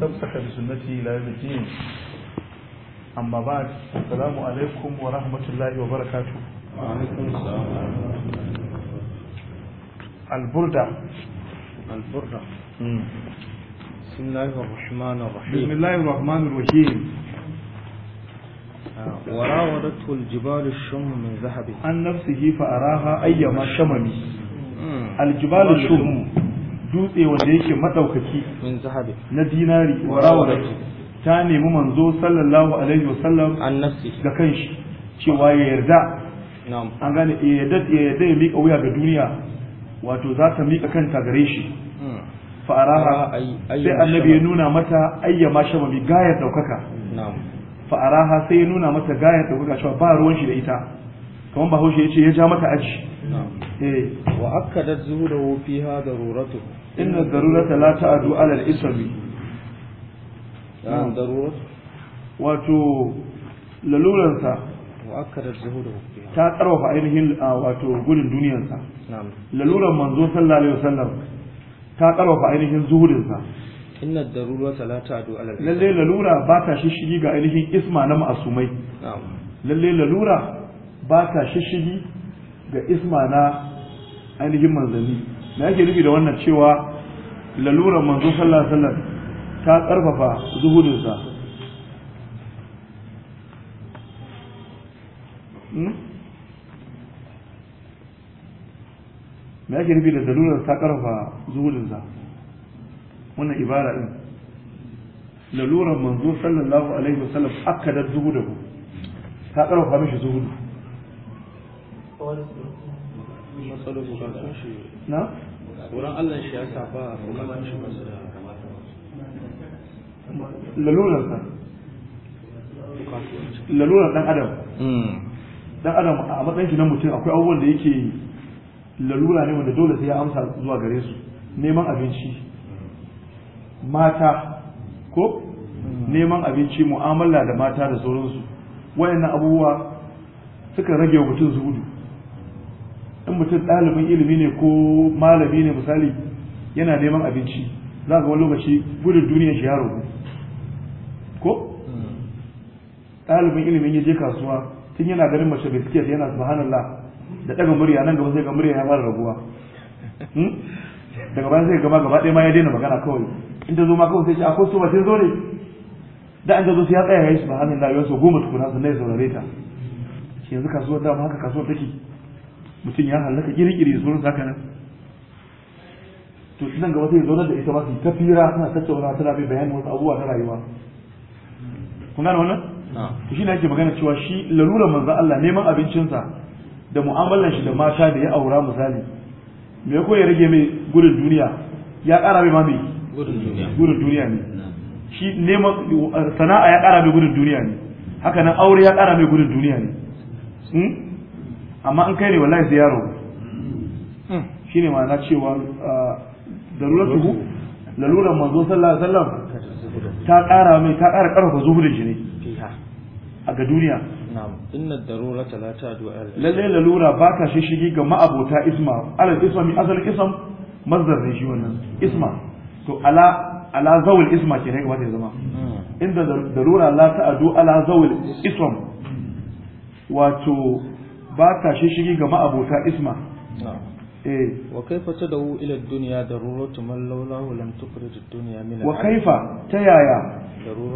tafsaka da sunnati la yi amma ba assalamu alaikum wa rahmatullahi wa barakatu alburda alburda بسم الله الرحمن الرحيم وراودته الجبال الشم من ذهب عن dutse wanda yake madaukaki min zahabi na dinari wa rawdati ta nemi manzo sallallahu alaihi wasallam an nafsi ga kanshi cewa ya yarda na'am an gane ya yarda ya yarda mika wuya ga duniya wato za ta mika kanta gare shi hmm. fa araha sai annabi ya nuna mata ayyama shaba mai gayar daukaka na'am fa araha sai ya nuna mata gayar daukaka cewa ba ruwan shi da ita kamar bahaushe ya ce ya ja mata aji eh. wa wofi zuhudahu fiha daruratu inna darurata la ta'adu ala al-ismi darurat wato laluransa wa akkadat zuhudahu ta karfafa ainihin wato gudun duniyarsa laluran manzo sallallahu alaihi wasallam ta karfafa ainihin zuhudinsa inna darurata la ta'adu ala al-ismi lalle lalura ba ta shishigi ga ainihin isma na ma'asumai lalle lalura ba ta shishigi ga isma na ainihin manzanni me yake nufi da wannan cewa lalurar manzo sallallahu alaihi wasallam ta karfafa zuhudinsa hmm? me yake nufi da lalurar ta karfafa zuhudinsa wannan ibara din lalurar manzo sallallahu alaihi wasallam da zuhudahu ta karfafa mishi zuhudu matsalar bukatun shi na? wurin allah shi ya saba bukatun masu da lalurarsa lalurar dan adam dan adam a matsayin shi na mutum akwai abubuwan da yake lalura ne wanda dole sai ya amsa zuwa gare su neman abinci mata ko neman abinci mu'amala da mata da sauransu wayannan abubuwa suka rage wa mutum zuhudu in mutum ɗalibin ilimi ne ko malami ne misali yana neman abinci za ga wani lokaci gudun duniya shi yaro ko ɗalibin ilimin ya je kasuwa tun yana ganin mace suke yana subhanallah da ɗaga murya nan gaba sai ga murya ya fara raguwa hmm? daga bayan sai gaba gaba ɗaya ma ya daina magana kawai in ta zo ma kawai sai ce a ko su ba sai zo ne da an ta zo sai ya tsaya ya yi subhanallah ya so goma tukuna sannan ya saurare ta shi yanzu kasuwar dama haka kasuwar take mutum ya hallaka kirkiri da sauransu haka nan to nan gaba sai zaunar da ita ba su ta fira suna tattauna tana bai bayanin wasu abubuwa na rayuwa Kuna da wannan ah. to shi ne ake magana cewa shi lalura manzo Allah neman abincinsa da mu'amalar shi da mata da ya aura misali me ko rage mai gudun duniya ya ƙara mai ma mai gudun duniya ne shi neman sana'a ya ƙara mai gudun duniya ne haka nan aure ya ƙara mai gudun duniya ne hmm? amma an kai ne wallahi sai yaro hmm. shi ne ma'ana cewa ah, da laluran manzo sallallahu alaihi wasallam ta ƙara mai ta ƙara ƙarfafa zuhudin shi ne a ga duniya inna darurata la ta'du ala lalle lalura ba ta shishigi ga ma'abota isma alal isma mi azal isma mazdar ne shi wannan isma to ala ala zawil isma ke ne gaba da zama hmm. inda darura la ta'du ala zawil isma wato ba ta shishigi ga ma'abota isma eh. wa kaifa ta tad'u ila duniya da daruratu man lawlahu lam tukhrij ad-dunya min wa kaifa ta yaya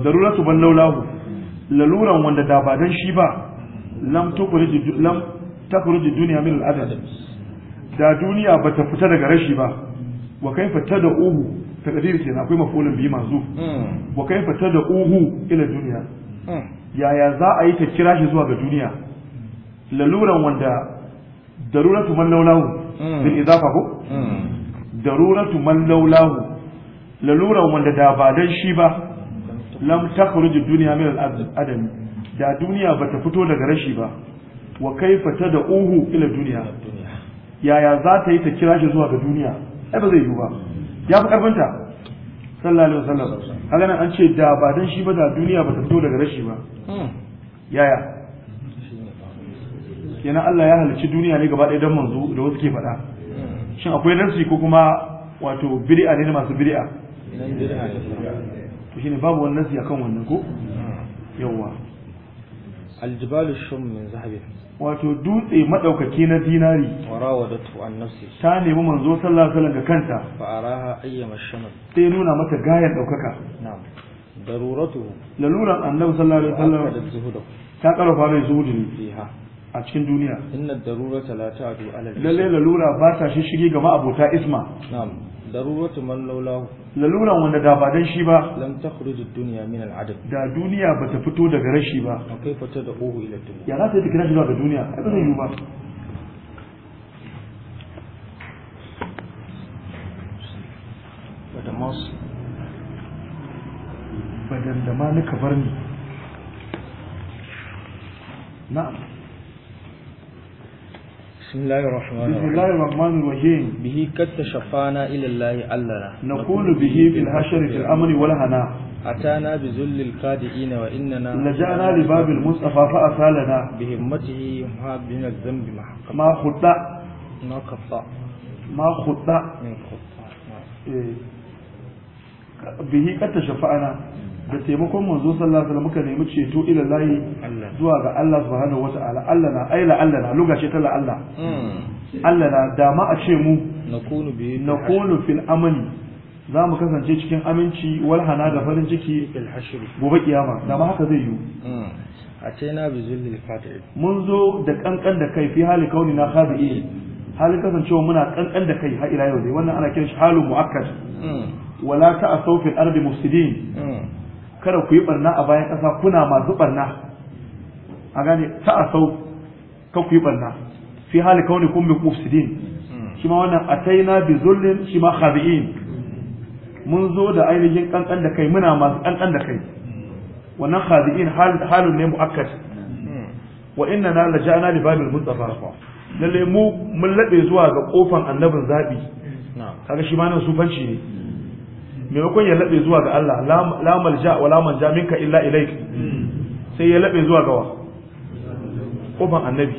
daruratu man lawlahu hmm. laluran wanda da ba dan shi ba hmm. lam tukhrij lam tukhrij ad-dunya min al da duniya ba ta fita daga rashi ba wa kaifa ta Ta tad'uhu ce na akwai mafulin biyu masu. Hmm. wa kaifa ta tad'uhu ila duniya? yaya za a yi ta kira shi zuwa ga duniya laluran wanda daruratu man laulahu mm. bil idafa ko mm. daruratu man laulahu laluran wanda da ba dan shi ba lam takhruj dunya min al adam da duniya bata fito daga rashi ba wa kaifa tad'uhu ila dunya yaya za ta yi ta kira shi zuwa ga duniya ai ba zai yi ba ya fi karfinta sallallahu alaihi wasallam haka nan an ce da ba dan shi ba da duniya ba ta fito daga rashi ba mm. yaya kenan Allah ya halicci duniya ne gaba ɗaya don manzo da wasu ke faɗa shin akwai nasi ko kuma wato bid'a ne masu bid'a to shine babu wannan nasi akan wannan ko yawa aljibalu shum min zahabi wato dutse madaukaki na dinari warawadatu an nafsi ta nemi manzo sallallahu alaihi wasallam ga kanta fa araha ayyama shamal sai nuna mata gayar daukaka na'am daruratu laluran annabi sallallahu alaihi wasallam ta karfa mai zuhudi ne fiha a cikin duniya inna darurata la ta'du ala lalle lalura ba ta shi shige ga ma'abota isma na'am daruratu man laulahu laluran wanda da ba dan shi ba lam takhruju ad-dunya min al-adab da duniya ba ta fito daga rashi ba kai fata da uhu ila dunya ya za ta yi kira shi daga duniya ai ba zai yi ba da badan da ma ni na'am بسم الله الرحمن الرحيم بسم الله الرحمن الرحيم به قد تشفانا إلى الله ألنا نكون به في الحشر في الأمر والهنا أتانا بذل الكادئين وإننا لجأنا لباب المصطفى فأسالنا بهمته يمحى بنا الذنب محقا ما خطأ ما خطأ ما خطأ من خطأ به قد تشفانا da taimakon manzo sallallahu alaihi muka nemi ceto ila layi zuwa ga Allah subhanahu wata'ala Allah na aila Allah na lugace ta Allah hmm. Allah na dama a ce mu nakunu fil amani za mu kasance cikin aminci walhana da farin ciki gobe kiyama da ma haka zai yi hmm. a ce na bi zulli fatih mun zo da kankan da kai fi hali kauni na khadi'i hali kasancewa muna kankan da kai har ila yau dai wannan ana kiran shi halun mu'akkad hmm. wala ta'asaw fil ardi mufsidin kada ku yi barna a bayan ƙasa kuna masu barna a gane ta a sau ka ku yi barna fi hali kauni kun bi mufsidin shi ma wannan a ataina bi zullin shi ma khabi'in mun zo da ainihin kankan da kai muna masu kankan da kai wannan khabi'in halun ne mu'akkad wa inna na laja'ana li babil mustafa lalle mu mun laɓe zuwa ga kofan annabin zaɓi. kaga shi ma nan sufanci ne maimakon ya laɓe zuwa ga Allah lamal ja wa lamal ja minka illa ilaik sai ya laɓe zuwa ga wa kofan annabi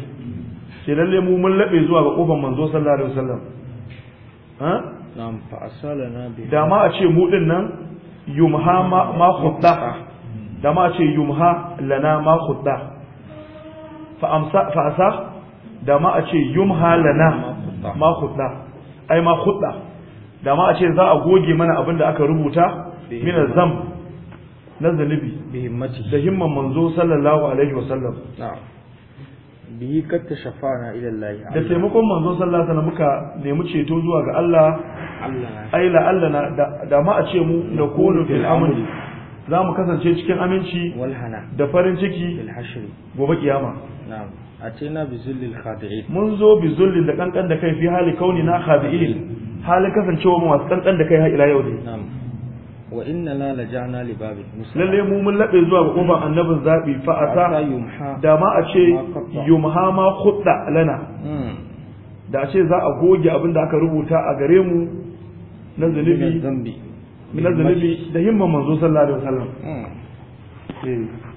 sai lalle mu mun laɓe zuwa ga kofan manzo sallallahu alaihi wasallam da ma a ce mu din nan yumha ma khudda da ma a ce yumha lana ma khudda fa amsa fa asa da ma a ce yumha lana ma khudda ai ma khudda da ma a ce za a goge mana abin da aka rubuta min zam na zalibi da himman manzo sallallahu alaihi wa sallam bihi katta shafa'ana ila Allah da taimakon manzo sallallahu alaihi wasallam muka nemi ceto zuwa ga Allah ai la Allah na da ma a ce mu da kullu fil amri za mu kasance cikin aminci da farin ciki gobe kiyama na'am atina bi zullil khadi'in mun zo bi zullil da kankan da kai fi hali kauni na khadi'in halin kasancewa mu masu tsantsan da kai har ila yau dai wa inna la laja'na li babi lalle mu mun labe zuwa ga kuma annabin zabi fa ata da ma a ce yumha ma khutta lana hmm. da a ce za a goge abin da aka rubuta a gare mu na zunubi na zunubi da himman manzo sallallahu alaihi wasallam hmm. eh.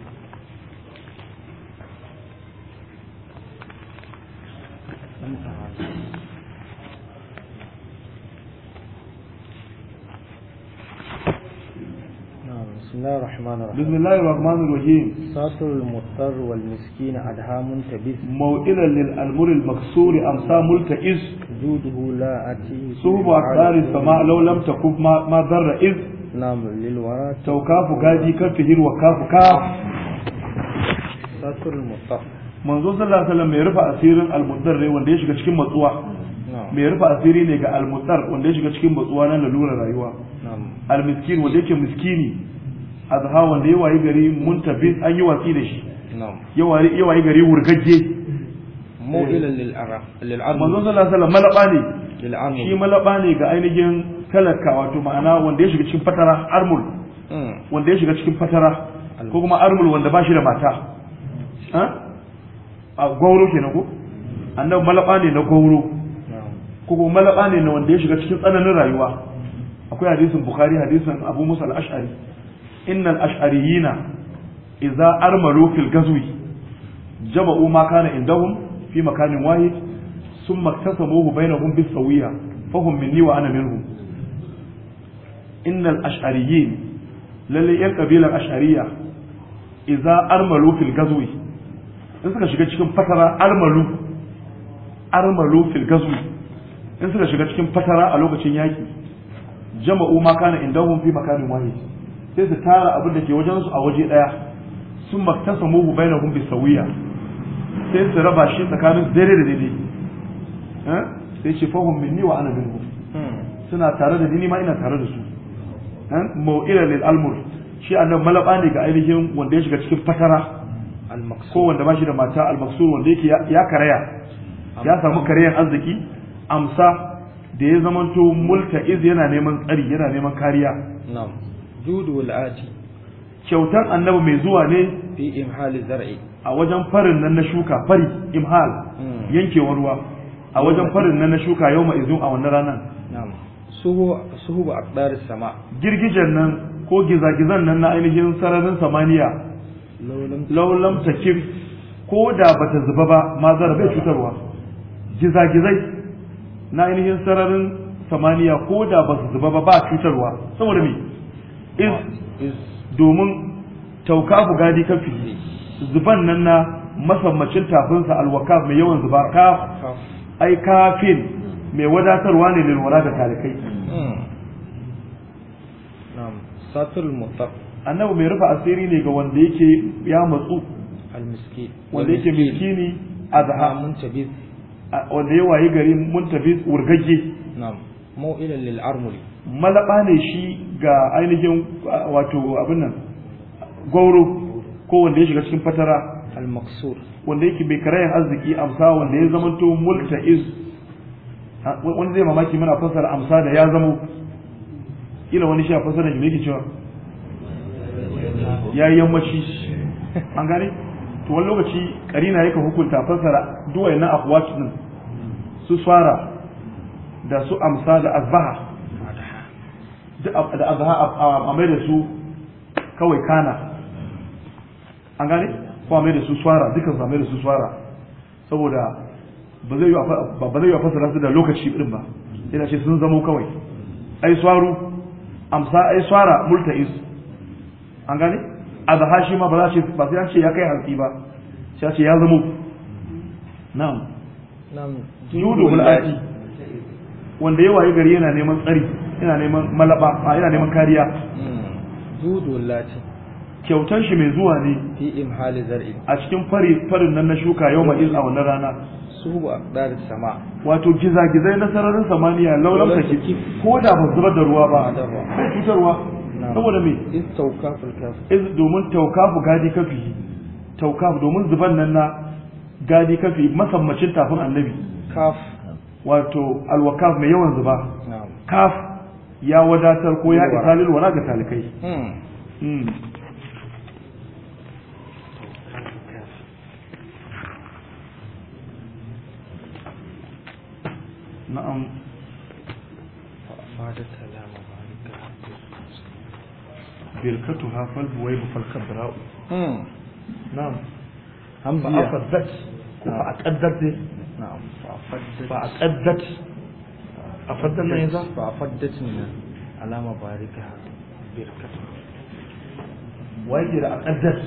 الله الرحمن الرحيم بسم الله الرحمن الرحيم ساس المضطر والمسكين أدهام تبث موئلا للألمر المكسور أمسى ملتئس جوده لا أتيه صوب أكثار السماء لو لم تكف ما, ما ضر إذ نعم للوراء توكاف قادي كفه وكاف كاف ساس المضطر manzo sallallahu alaihi wasallam mai rufe asirin almuddar wanda ya shiga cikin matsuwa mai rufe asiri ne ga almuddar wanda ya shiga cikin matsuwa na lalurar rayuwa almiskin wanda yake miskini azha wanda ya wayi gari muntabin an yi watsi da shi ya wayi gari wurgagge mu'ilan lil arab manzo sallallahu alaihi wasallam malaba ne shi malaba ne ga ainihin talaka wato ma'ana wanda ya shiga cikin fatara armul hmm. wanda ya shiga cikin fatara ko kuma armul wanda ba shi da mata a gauro kenan ko annabi malaba ne na gwauro. ko kuma malaba ne na wanda ya shiga cikin tsananin rayuwa akwai hadisin bukhari hadisin abu musa al-ash'ari innal ash'ariyina idza armalu fil gazwi jama'u ma kana indahum fi makanin wahid thumma iktasamuhu bainahum bis sawiya fahum minni wa ana minhum innal ash'ariyin lalle yan kabilar ash'ariya idza armalu fil in suka shiga cikin fatara armalu armalu fil in suka shiga cikin fatara a lokacin yaki jama'u ma kana fi sai su tara abin da ke wajensu a waje ɗaya sun maktasa mugu bai na gumbi sauya sai su raba shi tsakanin daidai da daidai eh? sai ce fahim minni wa ana minhu hmm. suna tare da ni ma ina tare da su eh? mau'ila lil almur shi annan malaba ne ga ainihin wanda ya shiga cikin fatara ko wanda ba shi da mata almaksur wanda yake ya karaya ya samu karayan arziki amsa da ya zamanto multa iz yana neman tsari yana neman kariya judu wal kyautan annabi mai zuwa ne fi imhal zar'i a wajen farin nan na shuka fari imhal hmm. yankewar ruwa a wajen farin nan na shuka yau ma'izun a wannan ranar suhu ba aqdar sama girgijen nan ko gizagizan nan na ainihin sararin samaniya laulam takif ko da bata zuba ba ma zara bai cutarwa gizagizai na ainihin sararin samaniya ko da ba su zuba ba ba cutarwa saboda me is domin tauka ku gadi kan fili zuban nan na masammacin tafinsa alwaka mai yawan zuba ka ai kafin mai wadatarwa ne wala da talikai hmm. satul mutaq annabi mai rufe asiri ne ga wanda yake ya matsu wanda yake miskini azha muntabiz wanda ya wayi gari muntabiz wurgagge na'am mau'ilan lil armuli malaba ne shi ga ainihin wato abin nan gauro ko wanda ya shiga cikin fatara al maqsur wanda yake bai karayan arziki amsa wanda ya zamanto multa'iz wanda zai mamaki muna fasara amsa da ya zamo ila wani sha fasara ne yake cewa ya yi yammaci an gane to wani lokaci karina yake hukunta fasara duwai na akwat su fara da su amsa da azbaha da azha a mai da su kawai kana an gane ko a mai da su swara dukkan su mai da su swara saboda ba zai yi a fasara su da lokaci irin ba yana ce sun zamo kawai ai swaru amsa ai swara is an gane azha shi ma ba za ce an ce ya kai hantsi ba sai ce ya zamo na'am na'am yudu mul'ati wanda ya yi gari yana neman tsari ina neman malaba ina neman kariya kyautar hmm. lati shi mai zuwa ne a cikin fari farin nan na shuka yau mai a wannan rana sama wato gizagizai na sararin samaniya laulan saki ko da ba zubar da ruwa ba sai cutarwa saboda me is kafi domin taukafu gadi kafi taukafu domin zuban nan na gadi kafi masammacin tafin annabi kaf wato alwakaf mai yawan zuba kaf ya wadatar ko ya isa lil wala ga talikai na'am بركتها فالبويب فالكبراء نعم هم فأفدت فأتأدت نعم فأفدت فأتأدت أفدنا إذا فأفدتنا على مباركها بركتها ويجري أقدس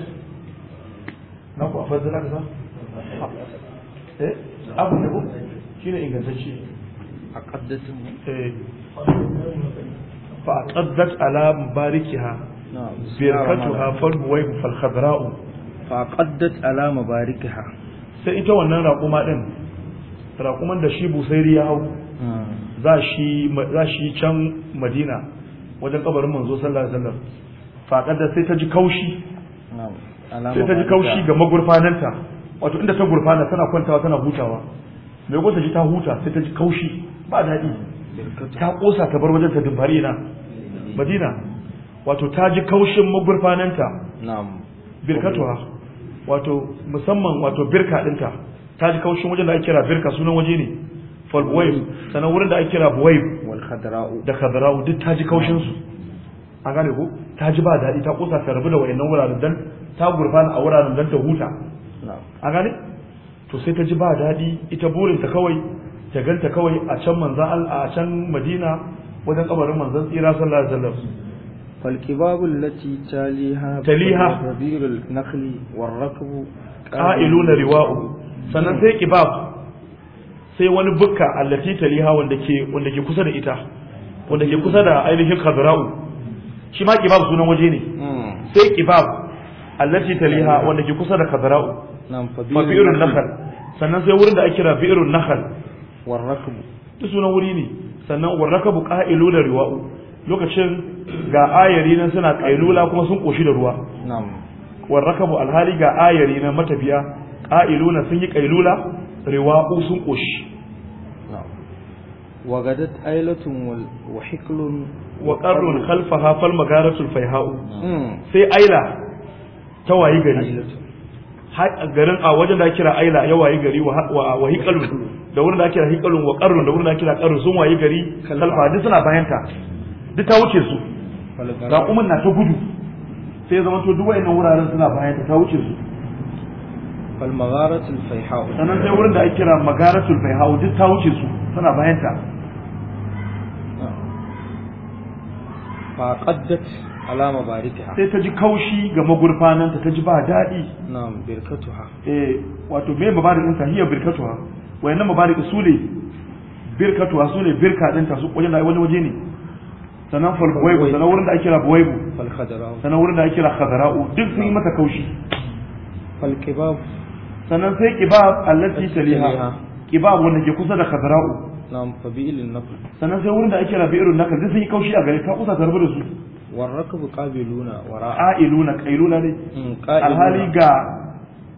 نقول أفضل أكثر إيه أبو نبو شنو إنجازاتي أقدس إيه فأقدت على مباركها بركتها فالبويب فالخضراء فأقدت على مباركها sai ita wannan raƙuma ɗin raƙuman da shi busairi ya hau za shi can madina wajen kabarin manzo sallallahu alaihi wasallam faɗar da sai ta ji kaushi sai ta ji kaushi ga magurfananta wato inda ta gurfana tana kwantawa tana hutawa mai gwata ji ta huta sai ta ji kaushi ba daɗi ta ƙosa ta bar wajen ta dubbari na madina wato ta ji kaushin magurfananta birkatuwa wato musamman wato birka ɗinta ta ji kaushin wajen da ake kira birka sunan waje ne falbuwaif sannan wurin da ake kira buwaif da khadra'u duk ta ji kaushinsu. su an gane ko ta ji ba daɗi ta kusa ta rabu da wayannan wuraren dan ta gurfana a wuraren dan ta huta an gane to sai ta ji ba daɗi ita burin kawai ta ganta kawai a can manzan a can madina wajen kabarin manzan tsira sallallahu alaihi wasallam فالكباب التي تليها تليها ربيع النخل والركب قائلون رواؤه sannan sai kibab sai wani bukka allati taliha wanda ke wanda ke kusa da ita wanda ke kusa da ainihin khadra'u shi ma kibab sunan waje ne hmm. sai kibab allati taliha wanda ke kusa da khadra'u fa bi'run nakhal sannan sai wurin da ake kira bi'run nakhal war rakbu duk sunan wuri ne sannan war rakbu qa'ilu da riwa'u lokacin ga ayari nan suna qailula kuma sun koshi da ruwa nan war rakbu alhali ga ayari nan matafiya qa'iluna sun yi qailula riwa'u sun ƙoshi. wa gadat ailatun wa hiklun wa qarrun khalfaha fal magaratul faiha'u sai aila ta wayi gari garin a wajen da kira aila ya wayi gari wa hikalun da wurin da kira hikalun wa da wurin da kira qarrun sun wayi gari khalfa duk suna bayanta duk ta wuce su na ta gudu sai duk wuraren suna bayanta ta wuce su fal magharatul fayhau sanan sai wurin da ake kira magharatul fayhau duk ta wuce su tana bayan ta fa qaddat ala mabarikiha sai ta ji kaushi ga magurfananta ta ji ba daɗi na'am birkatuha eh wato me mabarikin ta hiya birkatuha wayannan mabariki su ne birkatuha su ne birka din ta su wajen da wani waje ne sanan fal sanan wurin da ake kira buwaibu fal sanan wurin da ake kira khadara'u duk sun yi mata kaushi fal sannan sai kibab allati taliha kibab wanda ke kusa da khadra'u nam fabi'il nakhl sannan sai wurin da ake rabi'ul nakhl sai sun yi kaushi a gare ka kusa tarbu da su warakabu qabiluna wara ailuna qailuna ne mm, alhali ga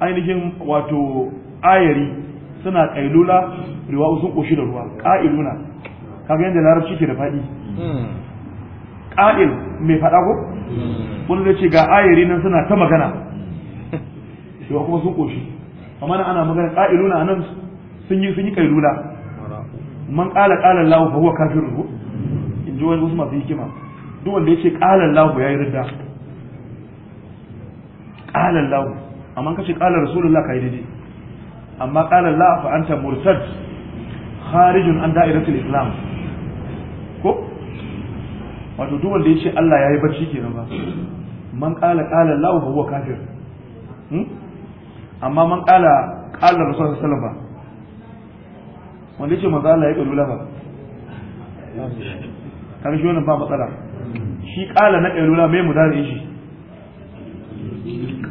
ainihin wato ayari suna qailula riwa sun koshi da ruwa qailuna kaga yanda larabci ke da fadi mm. qail mai fada ko mm. wanda ce ga ayari nan suna ta magana riwa kuma sun koshi kamar ana magana qa'iluna anan sun yi sun yi kailula man qala qala Allah fa huwa ru in ji wani wasu masu hikima duk wanda yace qala Allah yayi ridda qala Allah amma kace qala rasulullah kai daidai amma qala Allah fa anta murtad kharijun an da'iratul islam ko wato duk wanda yace Allah yayi bacci kenan ba man qala qala Allah fa huwa kafir hmm? amma man kala kala rasul sallallahu ba wanda yake maza Allah ya kalu lafa kan shi wannan ba matsala shi kala na kalu la mai mudari shi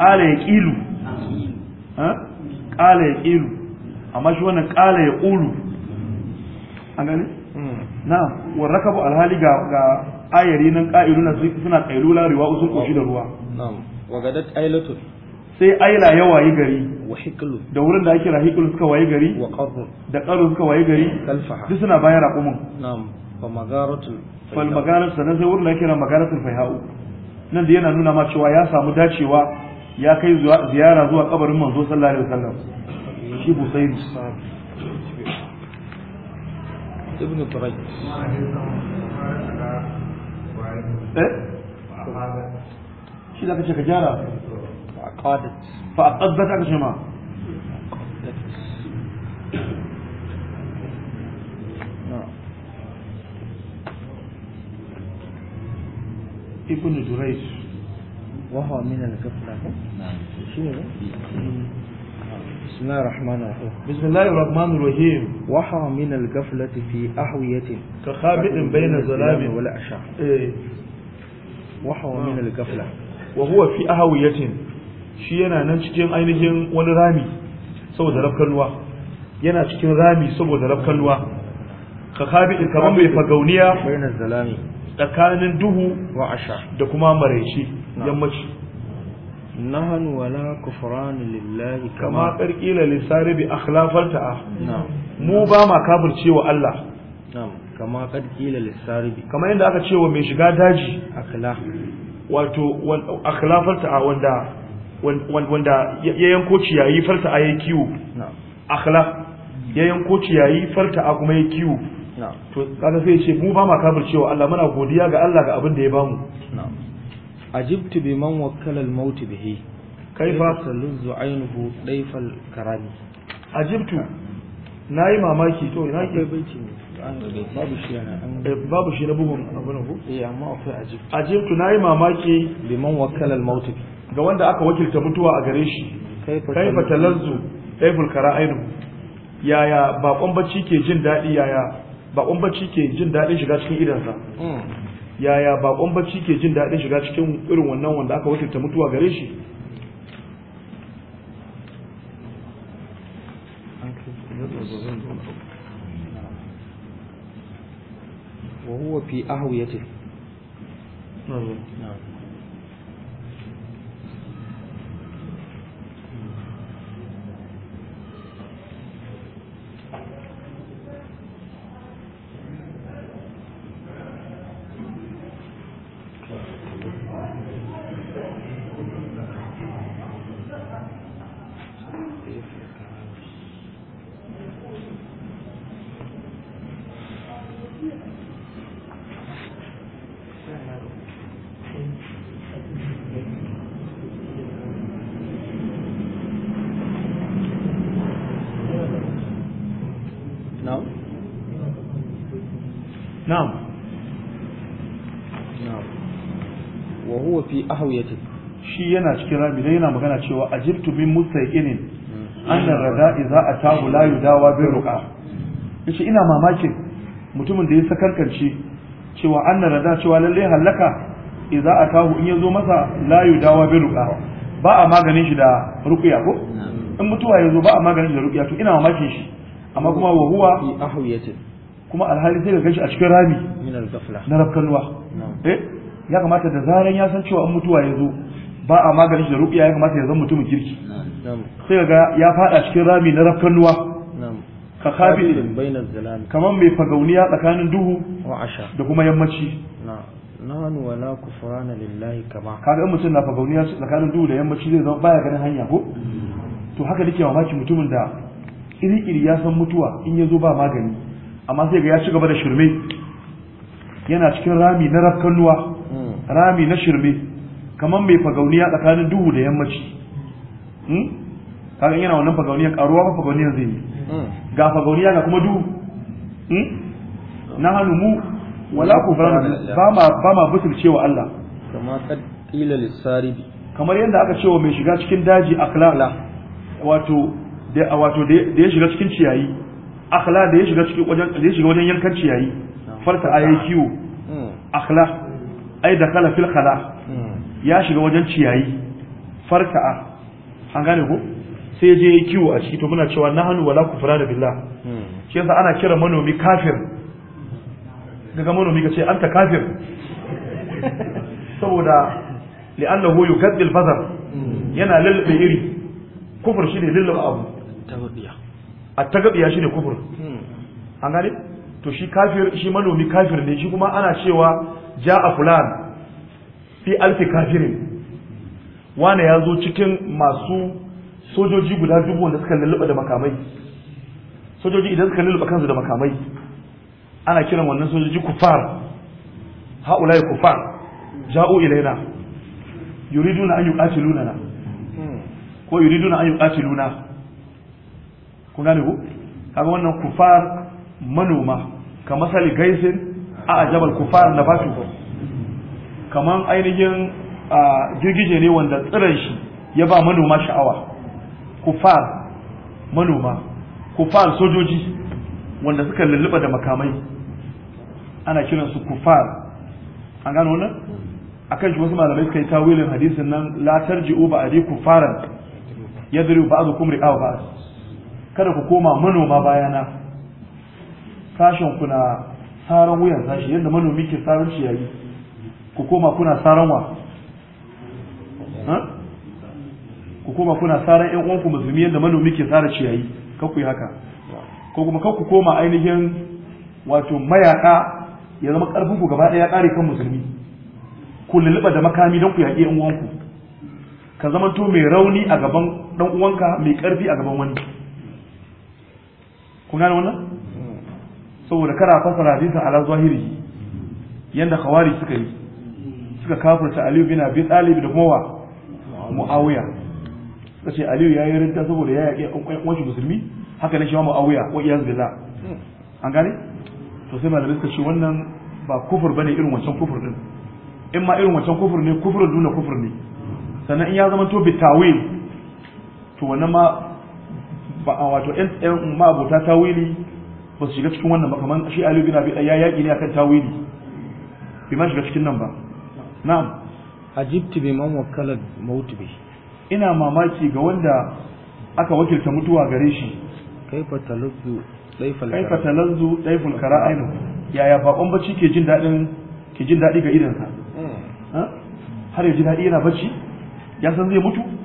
kala ya kilu ha kala ya kilu amma shi wannan kala ya kulu an gani? na warrakabu alhali ga ga ayari nan ka'iruna suna kailula riwa usul koshi da ruwa na'am wagadat ailatul sai aila ya wayi gari da wurin da ake rahikul suka wayi gari da karu suka wayi gari duk suna bayan raƙumin falmagarar sannan sai wurin da ake fai ha'u nan da yana nuna ma cewa ya samu dacewa ya kai ziyara zuwa kabarin manzo sallallahu alaihi wasallam shi busayn ibn eh shi da kace ka قادت فأبطت بس جماعة نعم. ابن جريج وهو من الكفلة نعم. بسم الله الرحمن الرحيم بسم الله الرحمن الرحيم وحى من القفلة في أحوية كخابئ بين الظلام والأشعة إيه وحى من القفلة وهو في أهوية shi yana nan cikin ainihin wani rami saboda rafkanuwa yana cikin rami saboda rafkanuwa ka kabi Kamar mai fagauniya bainar zalami tsakanin duhu wa asha da kuma maraici yammaci nahan wala kufran lillahi kama qarqila li saribi akhlafal ta'a mu ba ma kafirce wa Allah kama qarqila li saribi kama yanda aka ce wa mai shiga daji akhla wato akhlafal ta'a wanda wanda ya yanko ciyayi farta a ya kiwo akhlaq ya yanko ciyayi farta a kuma ya kiwo to kaga sai ce mu ba ma kafir cewa Allah muna godiya ga Allah ga abin da ya bamu ajibtu bi man wakkala al maut bihi kaifa taluzzu aynuhu dayfal karami ajibtu nayi mamaki to ina ke baiti babu shi yana eh, babu shi na bugun abin ku eh amma akwai ajibtu ajibtu nayi mamaki bi man wakkala al maut bihi ga wanda aka wakilta mutuwa a gare shi kai fa talazzu kai kara ainu yaya bakon bacci ke jin daɗi yaya bakon bacci ke jin daɗin shiga cikin idansa hmm. yaya bakon bacci ke jin daɗin shiga cikin irin wannan wanda aka wakilta mutuwa gare shi وهو في أهويته نعم نعم نعم وهو في ahwiyati shi yana cikin rami dai yana magana cewa ajibtu min mustaqinin hmm. anna rada za a tahu la yudawa bi ruqa shi ina mamakin mutumin da ya sakarkance cewa anna rada cewa lalle halaka idza atahu in yazo masa la yudawa bi ruqa ba a maganin shi da ruqya ko in mutuwa yazo ba a maganin shi da ruqya to ina mamakin shi amma kuma wa huwa fi ahwiyatin kuma alhali sai ka ganshi a cikin rami na rafkanuwa eh ya kamata da zaran ya san cewa an mutuwa ya zo ba a maganin shi da rukiya ya kamata ya zama mutumin kirki sai ga ya fada cikin rami na rafkanuwa ka kabi kamar mai fagauniya tsakanin duhu da kuma yammaci nanu wala kufrana lillahi kama kaga in mutum na fagauniya tsakanin duhu da yammaci zai zama baya ganin hanya ko mm. to haka nake mamaki mutumin da iri-iri ya san mutuwa in ya zo ba magani amma sai ga ya ci gaba da shirme yana cikin rami na rafkannuwa hmm. rami na shirme kamar mai fagauniya tsakanin duhu da yammaci hmm? kaga yana wannan fagauniyar karuwa ba fagauniyan zai yi hmm. ga fagauniya ga kuma duhu na hannu mu wala ku ba ma ba cewa Allah kamar yadda aka cewa mai shiga cikin daji a wato da wato da ya shiga cikin ciyayi akhla da ya shiga cikin wajen da ya shiga wajen yankan ciyayi farta ayi kiwo akhla ai da kala fil khala ya shiga wajen ciyayi farka an gane ko sai je ya kiwo a ciki to muna cewa nahnu wala da billah shi yasa ana kira manomi kafir daga manomi ka ce anta kafir saboda li'annahu yugaddi al-fazar yana lalbe iri kufur shi ne lalbe abu tawaddiya a tagabiya shi ne kufur hmm. an gane to shi kafir shi manomi kafir ne shi kuma ana cewa ja a fulan fi alfi kafirin wane ya zo cikin masu sojoji guda dubu wanda suka lulluɓa da makamai sojoji idan suka lulluɓa kansu da makamai ana kiran wannan sojoji kufar haulai kufar ja'u ilaina yuriduna an yuqatiluna hmm. ko yuriduna an yuqatiluna kun ku kaga wannan kufar manoma ka masali gaisin a ajabal kufar na basu kamar kaman ainihin girgije ne wanda tsiran shi ya ba manoma sha'awa kufar manoma kufar sojoji wanda suka lulluɓa da makamai ana kiran su kufar an gano wannan akan shi wasu malamai suka yi tawilin hadisin nan la tarji'u ba adi kufaran yadribu ba'dukum ri'a ba'd kada ku koma manoma bayana sashen na saran wuyan sashi yadda manomi ke saran ciyayi ku koma kuna saran wa ku koma kuna saran ƴan uwanku musulmi yadda manomi ke sara ciyayi kar ku yi haka ko kuma kar ku koma ainihin wato mayaka ya zama karfin ku gaba ɗaya kare kan musulmi ku lulluɓa da makami don ku yaƙi ƴan uwanku ka zama to mai rauni a gaban ɗan uwanka mai ƙarfi a gaban wani kun gane wannan saboda kara fasara hadisin ala zahiri yanda khawari suka yi suka kafirta aliyu bin abi talib da kuma wa muawiya suka ce aliyu yayi rinta saboda ya yaƙi wasu musulmi haka ne shi muawiya wa iyaz billah an gane to sai malamai suka ce wannan ba kufur bane irin wancan kufur din in ma irin wancan kufur ne kufur duna kufur ne sannan in ya zama to bitawil to wannan ma wato yan ma'abuta tawili ba su shiga cikin wannan ba kamar shi Ali bin Abi ya yaki ne akan tawili bi ma shiga cikin nan ba na'am jibti bi man wakkala maut bi ina mamaki ga wanda aka wakilta mutuwa gare shi kaifa talazzu daiful kaifa talazzu daiful kara'ainu yaya bakon bacci ke jin dadin ke jin dadi ga idansa hmm. har ya ji dadi yana bacci ya san zai mutu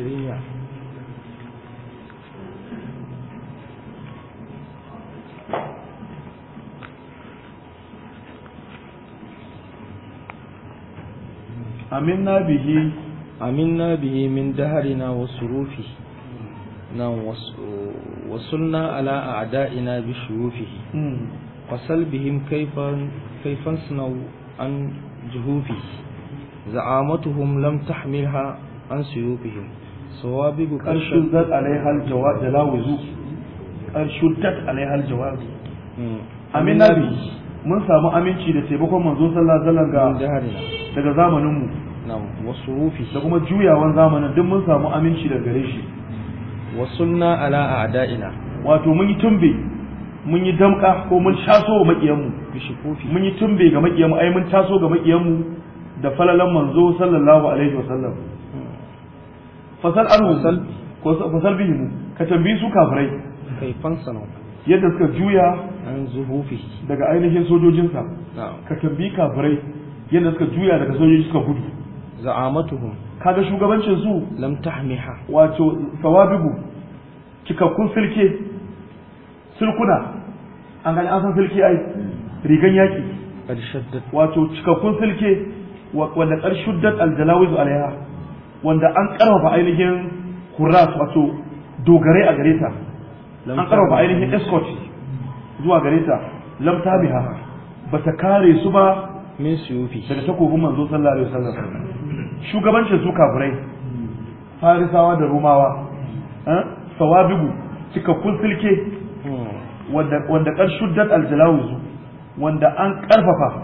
20 يعني أمنا به أمنا به من دهرنا وصروفه نعم، وصلنا على أعدائنا بشروفه وصل بهم كيف كيف صنوا عن جهوفه زعامتهم لم تحملها عن سيوفهم sawabigu karshen zat alaihal jawab da lawuzu karshen tat hmm. mun samu aminci da taimakon manzo sallallahu alaihi wasallam ga daga zamanin mu wasu rufi da kuma juyawan zamanin duk mun samu aminci daga gare shi wasunna ala a'da'ina wato mun yi tumbe mun yi damka ko mun taso ga makiyanmu mun yi tumbe ga makiyanmu ai mun taso ga makiyanmu da falalan manzo sallallahu alaihi wasallam fasal ko fasal bihim ka tambayi su kafirai kai sanau yadda suka juya an zuhufi daga ainihin sojojinsa ka tambayi kafirai yadda suka juya daga sojoji suka gudu za'amatuhum kaga shugabancin su lam tahmiha wato sawabibu cikakkun silke sulkuna an gani an san silke ai rigan yaki wato cikakkun silke wanda ƙarshuddat aljalawizu alaiha wanda an karfafa ainihin kuras wato dogare a gare ta an karfafa ainihin escort zuwa gare ta lam tabiha ba ta kare su ba min suyufi daga takobin manzo sallallahu alaihi wasallam shugabancin su kafirai farisawa da rumawa eh, sawabigu cikakkun silke hmm. wanda wanda kan shuddat aljalawuz wanda an karfafa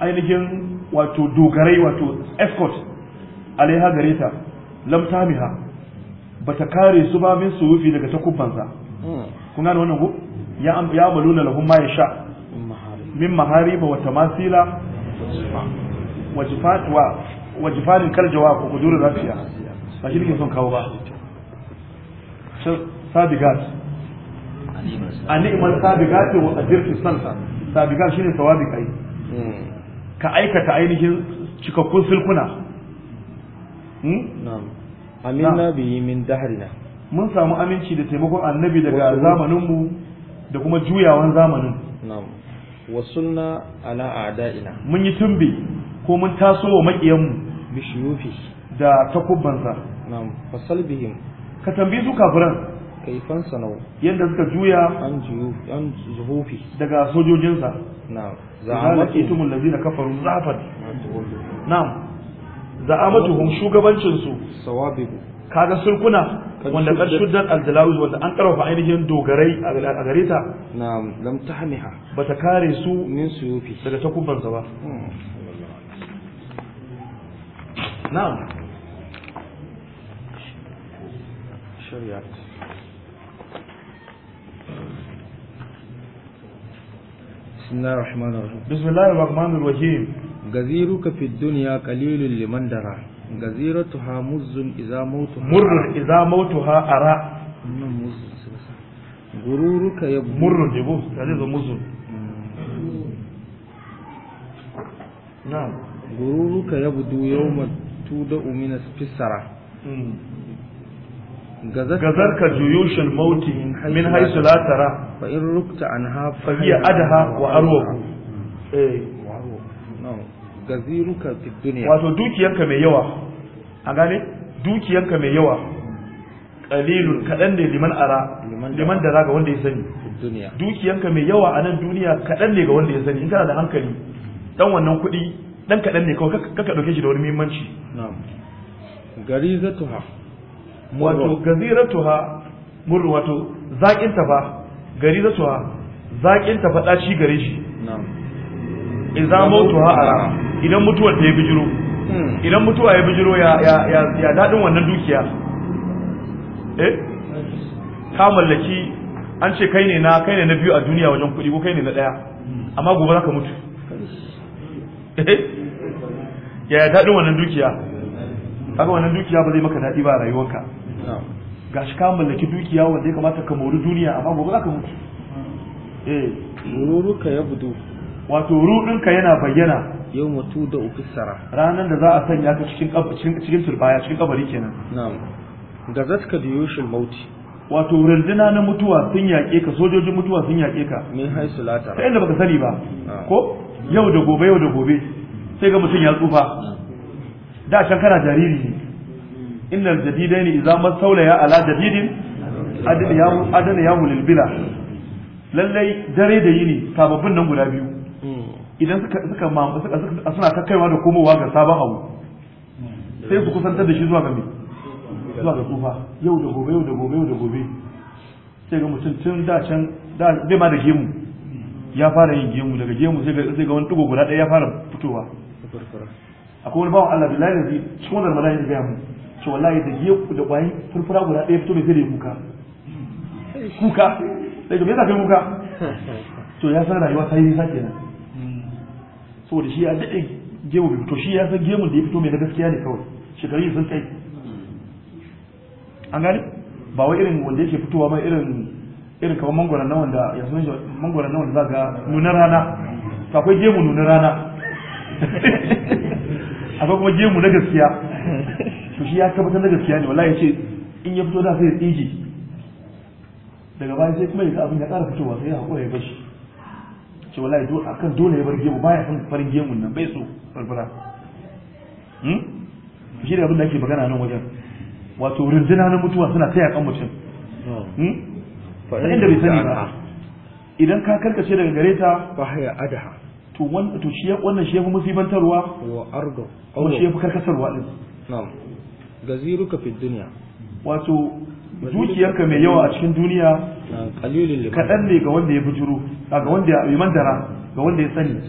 ainihin wato dogarai wato escort alaiha gare ta lamta miha ba ta kare su ba min su suwufi daga takubbansa kun gane wannan ku ya ya maluna lahum ma yasha min mahariba wa tamasila wajifat wa wajifanin kaljawa ko kudurin rafiya ba shi ne son kawo ba sabigat a ni'imar sabigat wa ajirki santa sabigat shine sawabi kai hmm. ka aikata ainihin cikakkun sulkuna Hmm? amina bihi min dahrina mun samu aminci da taimakon annabi daga zamanin mu da kuma juyawan zamanin na'am wa sunna ala a'da'ina mun yi tumbi ko mun taso wa makiyan mu bi shuyufi da sa na'am fasal bihim ka tambi su kafiran kaifan sanau yanda suka juya an juyu an zuhufi daga sojojin sa na'am za'a tumul ladina kafaru zafat na'am za'amatuhum shugabancin su sawabihu kaga sulkuna wanda kad shuddat al dalawi wanda an karfafa ainihin dogarai a gare ta na'am lam tahmiha bata kare su min suyufi daga takubban sa ba hmm. na'am shariat بسم الله الرحمن الرحيم بسم الله الرحمن الرحيم gaziruka fi dunya qalilun liman dara gaziratuha muzzun idza mautuha murrun ara wannan muzzun gururuka ya murrun debo zai zo gazarka juyushul mauti min haythu la fa in rukta anha fa hiya adha wa arwa gaziruka fi duniya wato dukiyanka mai yawa a gane dukiyanka mai yawa qalilun kadan ne liman ara liman da zaga wanda ya sani duniya dukiyanka mai yawa a nan duniya kadan ne ga wanda ya sani in kana da hankali dan wannan kuɗi dan kadan ne kawai kaka dauke shi da wani muhimmanci na'am garizatuha wato gaziratuha murru wato zakin ta fa garizatuha zakin ta fada daci gare shi na'am idza mautuha ara idan mutuwar ta ya bijiro hmm. idan mutuwa ya bijiro ya daɗin wannan dukiya eh ka mallaki an ce kai ne na kai ne na biyu a duniya wajen kuɗi ko kai ne na ɗaya amma gobe za ka mutu eh? yaya daɗin wannan dukiya kaga wannan dukiya ba zai maka daɗi ba a rayuwarka shi ka mallaki dukiya wanda ya kamata ka mori duniya amma gobe za ka mutu eh ya budu wato ruɗinka yana bayyana yau mutu da ufisara ranar da za a sanya ka cikin cikin turbaya cikin kabari kenan na'am gazat ka diyushul mauti wato runduna na mutuwa sun yaƙe ka sojojin mutuwa sun yaƙe ka min haisu lata ta inda baka sani ba ah. ko yau da gobe yau da gobe sai ga mutum ya tsufa da can kana jariri ne innal jadidaini idza masaulaya ala jadidin adana ya adana bila lallai dare da yini sababbin nan guda biyu idan suka suna ta kaiwa da komowa ga sabon abu sai su kusantar da shi zuwa ga zuwa ga tsufa yau da gobe yau da gobe yau da gobe sai ga mutum tun da can bai ma da gemu ya fara yin gemu daga gemu sai ga wani tugo guda ɗaya ya fara fitowa akwai wani bawan Allah billahi da zai cikin wannan malayin da mu to wallahi da gemu da kwayin furfura guda ɗaya fito mai sai da kuka kuka sai ga kuka to ya san rayuwa ta yi nisa kenan saboda shi ya daɗe gemu bai fito shi ya san gemun da ya fito mai na gaskiya ne kawai shekaru sun kai an gani ba wai irin wanda yake fitowa ba irin irin kamar na nan wanda ya san mangwaron nan wanda za ga nuna rana to akwai gemu nuna rana akwai kuma gemu na gaskiya to shi ya tabbatar na gaskiya ne wallahi yace in ya fito da sai ya tsiji daga baya sai kuma ya ga abin ya ƙara fitowa sai ya haƙura ya bashi ce wallahi dole akan dole ya bar gemu baya son farin gemun nan bai so farfara hmm shi da abin da ake magana nan wajen wato rinjina na mutuwa suna taya kan mutum hmm fa inda bai sani ba idan ka karkace daga gare ta fa haya adaha to wannan to shi wannan shi yafi musibantarwa wa argo ko shi yafi karkasarwa din na'am gaziruka fi dunya wato dukiyarka mai yawa a cikin duniya kaɗan ne ga wanda ya bujuru ga wanda ya mandara ga wanda ya sani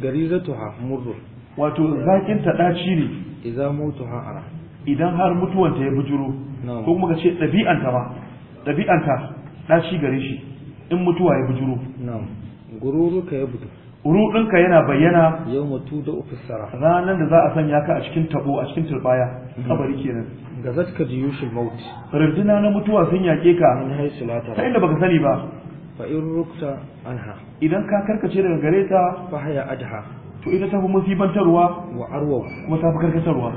gari zato ha murru wato zakin ta daci ne idan ara idan har mutuwanta ya bujuru ko kuma ce ɗabi'anta ma ɗabi'anta daci gare shi in mutuwa ya bujuru gururuka ya bujuru rudinka yana bayyana yau mutu da ufisara ranar da za a sanya ka a cikin tabo a cikin turbaya mm. kabari kenan ga ji yushin mauti runduna na mutuwa sun yake ka an haisu lata sai da baka sani ba fa in rukta anha idan ka karkace daga gare ta fa haya adha to ita ta fi musibantarwa wa arwa kuma ta fi karkatarwa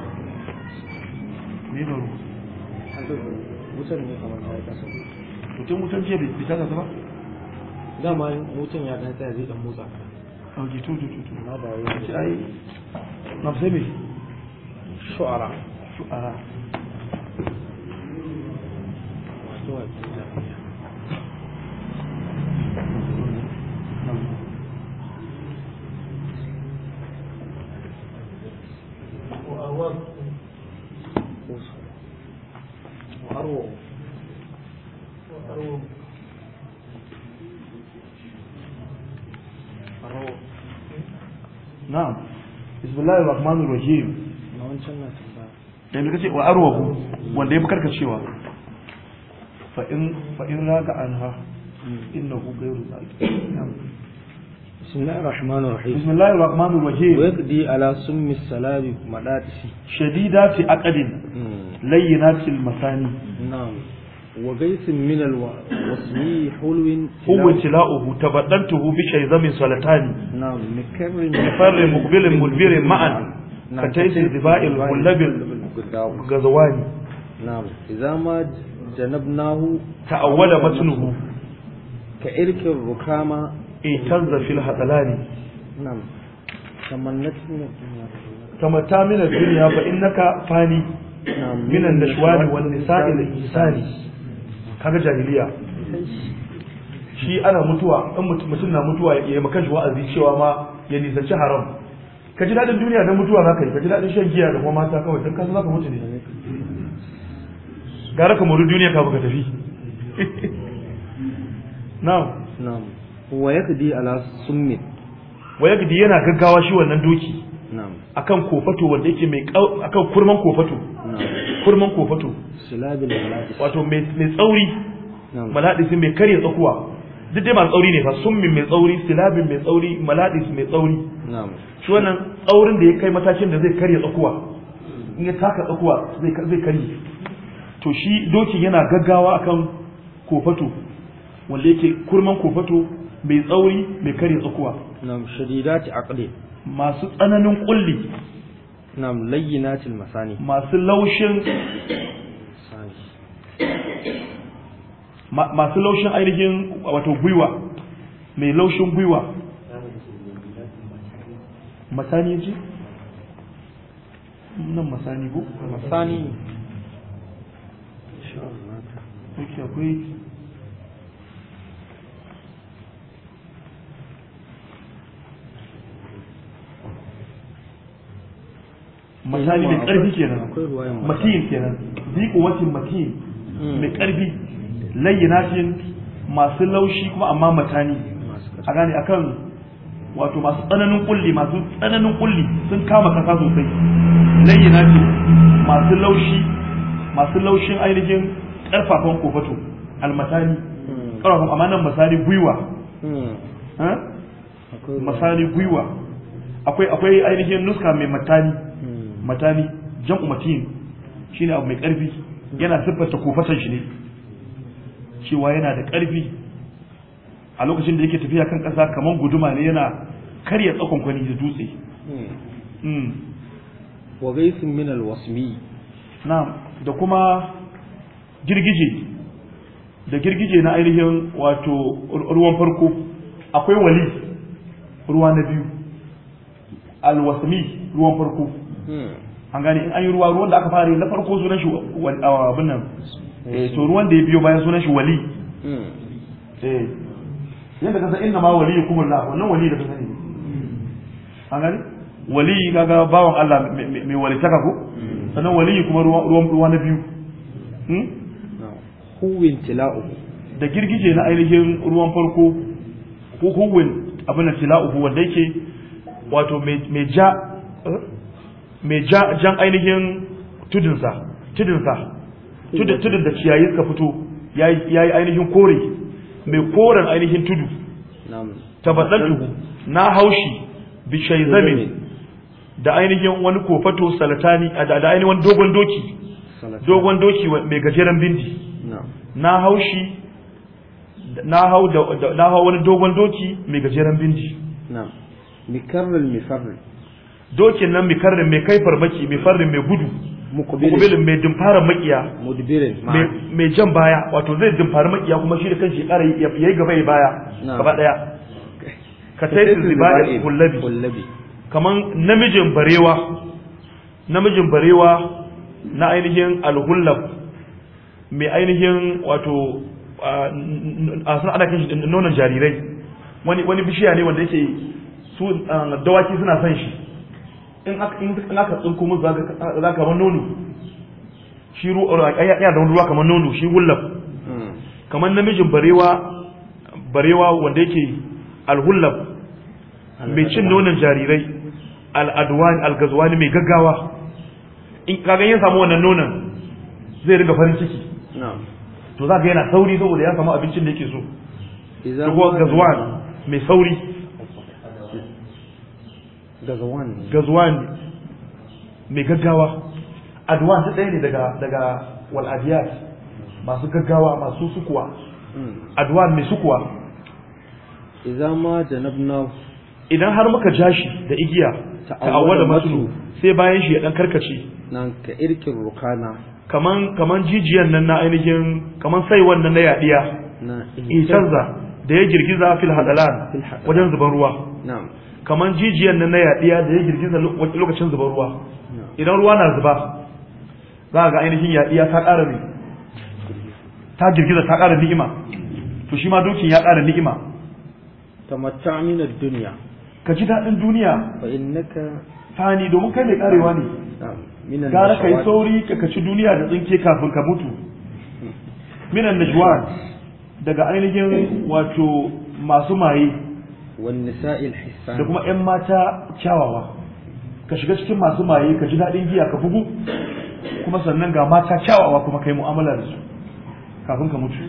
ne da ruwa wutar ne kamar ta yi kasa mutum mutum ce bai ta ba dama mutum ya dan tsaya zai dan motsa أو جتو جتو جتو أي مبزمي شعراء شعراء وأوضت bismillahir rahmanir rahim yanzu kace wa arwahu wanda yafi karkacewa fa in fa in raka anha innahu ghayru zalik بسم الله وغيث من الوعد وصمي حلو هو تلاؤه تبدلته بشيزم صلتان نعم مكرر مقبل مدبر معا كتيس الذباء الملب الغزواني نعم إذا ما جنبناه تأول متنه كإرك الركامة إيتنز في الهطلان نعم تمنت من الدنيا تمتا من الدنيا فإنك فاني نعم من النشوان والنساء الإنساني kaga jahiliya shi ana mutuwa in mutum na mutuwa ya yi makan wa'azi cewa ma ya nisanci haram ka ji daɗin duniya don mutuwa za ka yi ka ji daɗin shan giya da kuma mata kawai don kasa za ka mutu ne gara ka muru duniya kafin ka tafi na'am na'am wa yakdi ala summit wa yakdi yana gaggawa shi wannan doki na'am akan kofato wanda yake mai akan kurman kofato kurman kofato wato mai tsauri maladisi mai karya tsakuwa duk dai masu tsauri ne fa summin mai tsauri silabin mai tsauri maladisi mai tsauri shi wannan tsaurin da ya kai matakin da zai karya tsakuwa in ya taka tsakuwa zai karye to shi dokin yana gaggawa akan kofato wanda yake kurman kofato mai tsauri mai karya tsakuwa masu tsananin kulli nam layyinatil masani masu laushin ainihin wato gwiwa mai laushin gwiwa masani ji nan masani ko masani misali mai karfi kenan matin kenan ziku wacin matin hmm. mai karfi layyinatin masu laushi kuma amma matani a gane akan wato masu tsananin kulli masu tsananin kulli sun kama kasa sosai layyinatin masu laushi masu laushin ainihin karfafan kofato almatani karfafan hmm. amma nan misali gwiwa hmm. misali gwiwa akwai akwai ainihin nuska mai matani matani jam'u matin shine abu mai karfi yana siffanta kofatan shi ne cewa yana da karfi a lokacin da yake tafiya kan ƙasa kamar guduma ne yana karya tsakon kwani da dutse hmm. Hmm. wa gaisin min alwasmi da kuma girgije da girgije na ainihin wato ruwan farko akwai wali ruwa na biyu alwasmi ruwan farko Hmm. an gane in an yi ruwa ruwan da aka fara yi na farko sunan shi abin nan eh, to ruwan da ya biyo bayan sunan shi wali hmm. eh. yadda ka san inna ma wali kuma la wannan wali da ka sani an gane wali kaga bawan Allah mai wali taka ko hmm. sannan wali kuma ruwan ruwa na biyu huwin tila'u da girgije na ainihin ruwan farko ko huwin abin da tila'u wanda yake wato mai ja eh? mai jan ainihin tudinsa tudinsa tudin da ciyayi suka fito ya yi ainihin kore mai koren ainihin tudu tabbatsar na haushi bishai zame da ainihin wani kofato salatani da ainihin wani dogon doki dogon doki mai gajeren bindi na haushi na hau wani dogon doki mai gajeren bindi na mikarril mifarril dokin nan mai karrin mai kai farmaki mai farrin mai gudu mukubilin mai dimfara makiya mai jan baya wato zai dimfara makiya kuma shi da kanshi ya yi gaba ya baya gaba daya ka sai da kullabi kaman namijin barewa namijin barewa na ainihin alhullab mai ainihin wato a sun ana kanshi nonon jarirai wani bishiya ne wanda yake su dawaki suna son shi in aka in aka tsinko musu za ka kamar nono shi ruwa ya da ruwa kamar nono shi hullaf hmm. kamar namijin barewa barewa wanda yake alhullaf mai cin nonon jarirai al'adwani algazwani mai gaggawa in kaga ya samu wannan nonon zai riga farin ciki to za ka yana sauri saboda ya samu abincin da yake so ruwa gazwan mai sauri gazuwan ne mai gaggawa adwan ta ɗaya ne daga wal'adiyar masu gaggawa masu sukuwa hmm. adwan mai sukuwa idan ma idan har muka jashi da igiya da matu sai bayan shi ya ɗan karkace nan ka irkin rukana kaman kaman jijiyan nan na ainihin kaman sai wannan na yadiya in canza da ya girgiza fil hadalan wajen zuban ruwa kamar jijiyan nan na yaɗiya da ya girgiza lokacin zubar ruwa idan ruwa na zuba za ga ainihin yaɗiya ta ƙara ne ta girgiza ta ƙara ni'ima to shi ma dukin ya ƙara ni'ima tamatta aminar duniya ka ji daɗin duniya fa innaka fani domin kai mai ƙarewa ne gara ka yi sauri ka kaci duniya da tsinke kafin ka mutu minan najwan daga ainihin wato masu maye da kuma 'yan mata kyawawa ka shiga cikin masu maye ka ji daɗin giya ka bugu kuma sannan ga mata kyawawa kuma kai mu'amala da su kafin ka mutu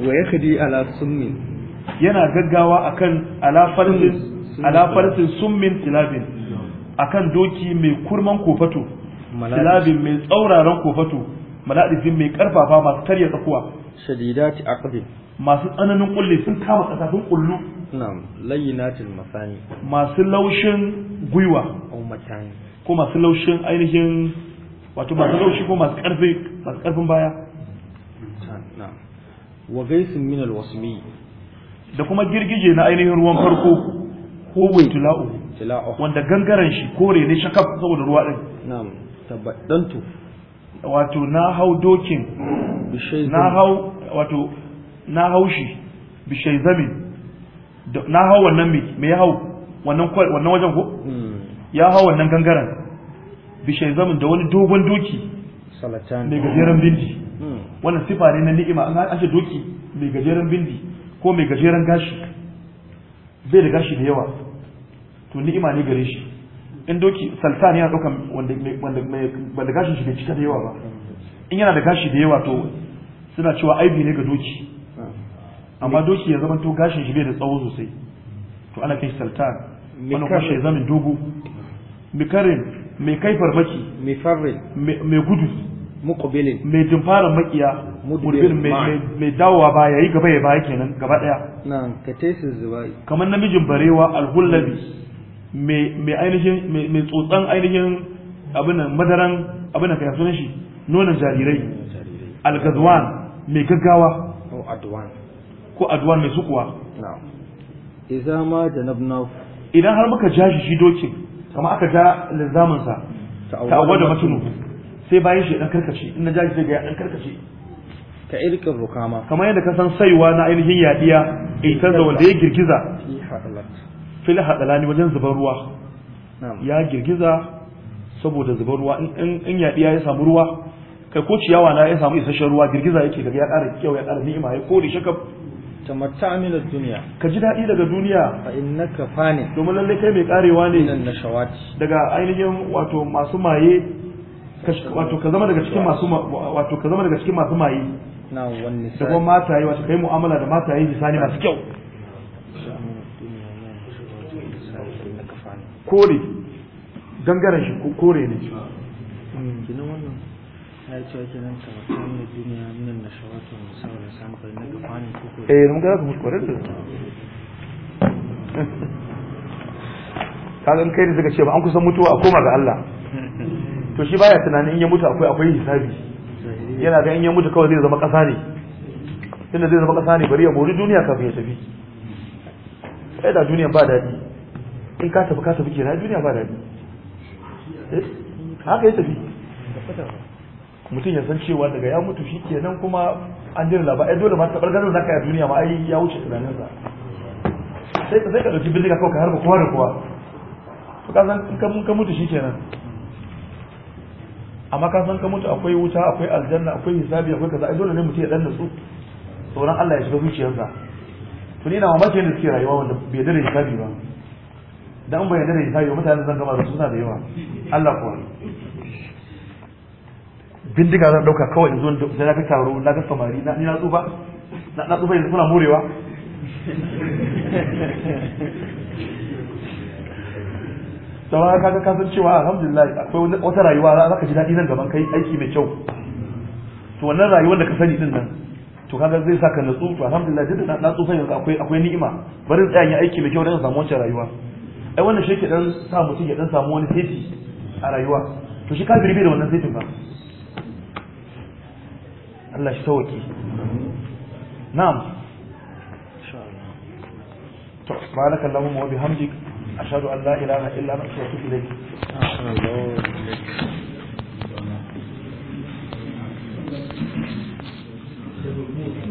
wa ya kadi ala summin yana gaggawa akan kan alafarsin ala farsin summin tilabin akan doki mai kurman kofato tilabin mai tsauraran kofato mala'adifin mai karfafa masu karya tsakuwa shadidat aqbi masu tsananin kulle sun kama ƙasa sun kullu na'am layyinatul masani masu laushin gwiwa ummatan ko masu laushin ainihin wato masu laushi ko masu karfi masu karfin baya na'am wa gaisin min alwasmi da kuma girgije na ainihin ruwan farko ko tila'u wanda gangaren shi kore ne shakaf saboda ruwa din na'am tabbatantu wato na hau dokin na hau wato na haushi bishai zami na hau wannan mai mai ya hau wannan wajen ko hmm. ya hau wannan gangaren bishai zamin da wani dogon doki mai gajeren bindi hmm. wannan sifa ne na ni'ima an ashe doki mai gajeren bindi ko mai gajeren gashi bai da gashi da yawa to ni'ima ne gare shi in doki sultan yana ɗaukan wanda gashin shi bai cika da yawa ba in yana da gashi da yawa to suna cewa aibi ne ga doki amma doki ya zama to gashin shi bai da tsawo sosai to ana kai sultan wannan kuma shi zama dogo mikarin mai kai farmaki mai farre mai gudu muqbilin mai fara makiya mudbir mai dawowa ba yayi gaba ya baya kenan gaba daya na'am ka taisu zubai kamar namijin barewa alhullabi mai mai ainihin mai tsotsan ainihin abin nan madaran abin nan kai sunan shi nonan jarirai algazwan mai gaggawa oh adwan ko aduwan mai sukuwa idza ma janabna idan har muka ja shi dokin kama aka ja lizamin sa ta'awwada matunu sai bayan shi dan karkace ina na ja shi ga dan karkace ka irkin rukama kamar yadda ka san saiwa na ainihin yaɗiya, ikan eh, da wanda ya girgiza fil hadalani wajen zubar ruwa ya girgiza saboda zubar ruwa in yaɗiya ya samu ruwa kai ko ciyawa na ya samu isasshen ruwa girgiza yake daga ya ƙara kyau ya ƙara ni'ima ya kore shakab tamatta min ad ka ji dadi daga duniya fa innaka fani domin lalle kai mai karewa ne nan nashawati daga ainihin wato masu maye wato ka zama daga cikin masu wato ka zama daga cikin masu maye na wanne sai kuma yi wato kai mu'amala da mata yi bisani masu kyau kore gangaren shi kore ne kinan hmm, wannan eh mun ga musu kwarar da kaga kai da suka ce ba an kusan mutuwa a koma ga Allah to shi baya tunanin in ya mutu akwai akwai hisabi yana ga in ya mutu kawai zai zama kasa ne tunda zai zama kasa ne bari ya bori duniya kafin ya tafi kai da duniya ba daɗi eh? ah, in ka tafi ka tafi kenan duniya ba daɗi haka ya tafi mutum ya san cewa daga ya mutu shi kenan kuma an jira labarai dole ma tabar gano zaka a duniya ma ai ya wuce tunaninsa sai ka sai ka dauki bindiga kawai ka harba kowa da kowa to ka san in ka mutu shi kenan amma ka san ka mutu akwai wuta akwai aljanna akwai hisabi akwai kaza ai dole ne mutum ya dan nutsu sauran Allah ya shiga zuciyarsa to ni na mamaki ne suke rayuwa wanda bai dare hisabi ba dan bai dare hisabi mutane zan gama da su suna da yawa Allah kuwa bindiga zan dauka kawai in zo da na ga taro na ga samari na ni na tsufa na tsufa yanzu kuna morewa sawa kaga ka san cewa alhamdulillah akwai wata rayuwa za ka ji daɗi nan gaban kai aiki mai kyau to wannan rayuwar da ka sani din nan to kaga zai saka na to alhamdulillah duk na tsufa yanzu akwai akwai ni'ima bari tsaya yi aiki mai kyau don samu wancan rayuwa ai wannan shi ke dan sa mutum ya dan samu wani seti a rayuwa to shi kafiri bai da wannan setin ba الله يشتوكي نعم سبحانك اللهم وبحمدك أشهد أن لا إله إلا أنت أستغفرك إليك